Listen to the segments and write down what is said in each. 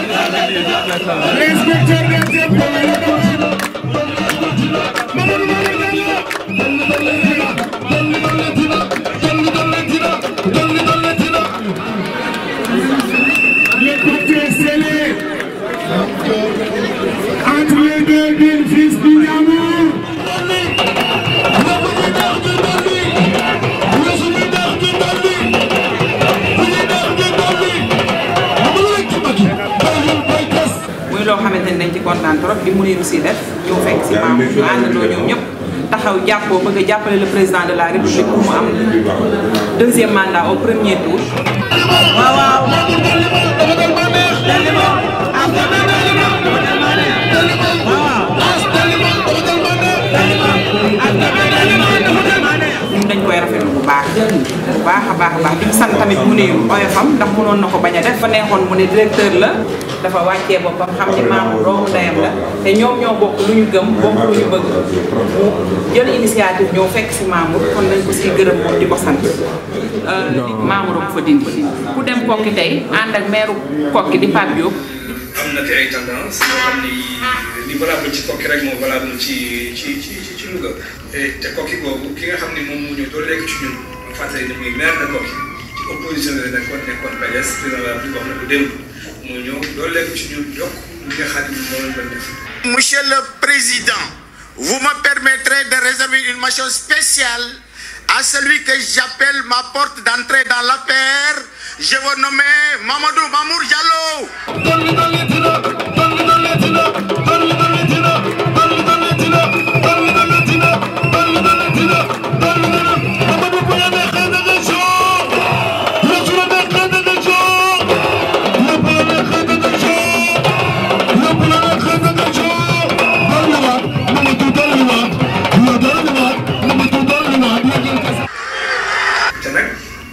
L'inspecteur des impôts et des domaines. Mamadou Mamadou Diallo. Dolli dolli dina. Dolli dolli dina. Dolli dolli dina. Le pacte est scellé entre les deux villes fils d'Igname. ci kontaan trop li mu réew si def ñëw fekk si maam ñu àndandoo ñoom ñëpp taxaw jàppoo bëgg a jàppale le président de la république pour mu am deuxième mandat au premier tour baax a baax a baax di sant tamit mu néew oyofam ndax mënoon na ko bañ a def fa neexoon mu ne directeur la dafa wàccee boppam xam ne maamu doomu ndeyam la te ñoom ñoo bokk lu ñu gëm bokk ñu bëgg mu jël initiative ñoo fekk si maamu kon nañ ko siy gërëm moom di ko sant euh, maamu doomu fa dindi ku dem kokki tey ànd ak meeru kokki di Pape Diop am na fi ay tendance yoo xam ni li valable ci kokki rek moo valable ci ci ci ci te kokki boobu ki nga xam ni moom moo monsieur le président vous me permettrez de réserver une mention spéciale à celui que j'appelle ma porte d'entrée dans la l'affaire, je vous nommer Mamadou Mamour Diallo.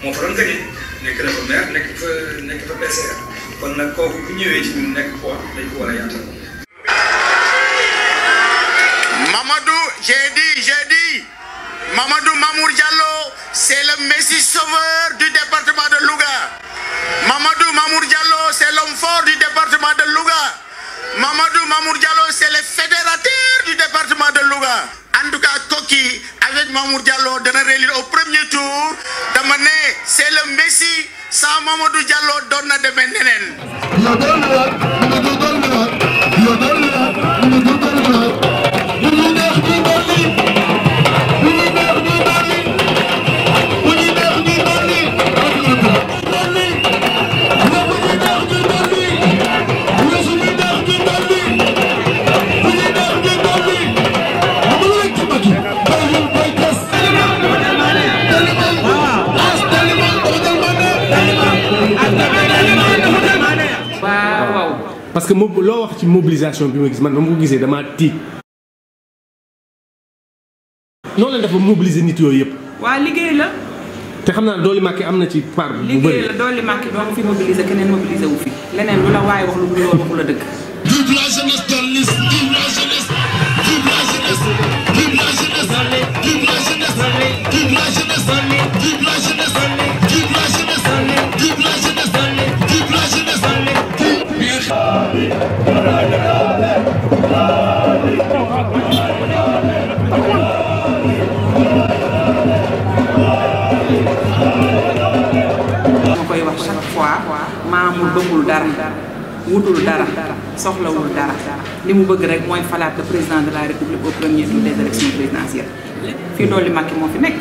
Mon Mamadou j'ai dit j'ai dit Mamadou Mamour Diallo c'est le messie sauveur du département de Louga Mamadou Mamour Diallo c'est l'homme fort du département de Louga Mamadou Mamour Diallo c'est le fédérateur du département de Louga en tout cas avec Mamour Diallo dana réélire au premier tour dama ne c'est le Messi sans Mamadou Diallo doon na demee neneen parce loo wax ci mobilisation bi man ba ma ko gisee damaa tiit. noonu la dafa mobiliser nit yooyu yëpp. waaye liggéey la. te xam naa dooli màkki am na ci part bu bëri liggéey la dooli màkki doo fi mobiliser keneen mobiliser wu fi. leneen lu la waaye wax lu loolu la dëgg. maamul bëggul dara wutul dara soxlawul dara li mu bëgg rek mooy falaat le président de la république au premier tour des élections présidentielles fii loolu Macky moo fi nekk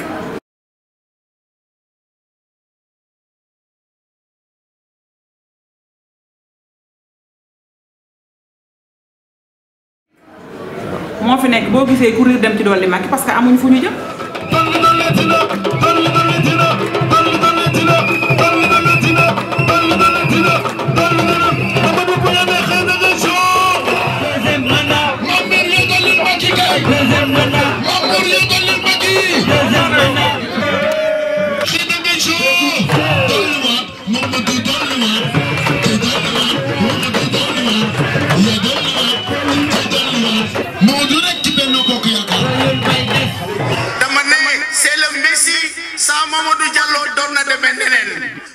fi nekk boo gisee ku riir dem ci dolli Macky parce que amuñ fu ñu jëm dependen el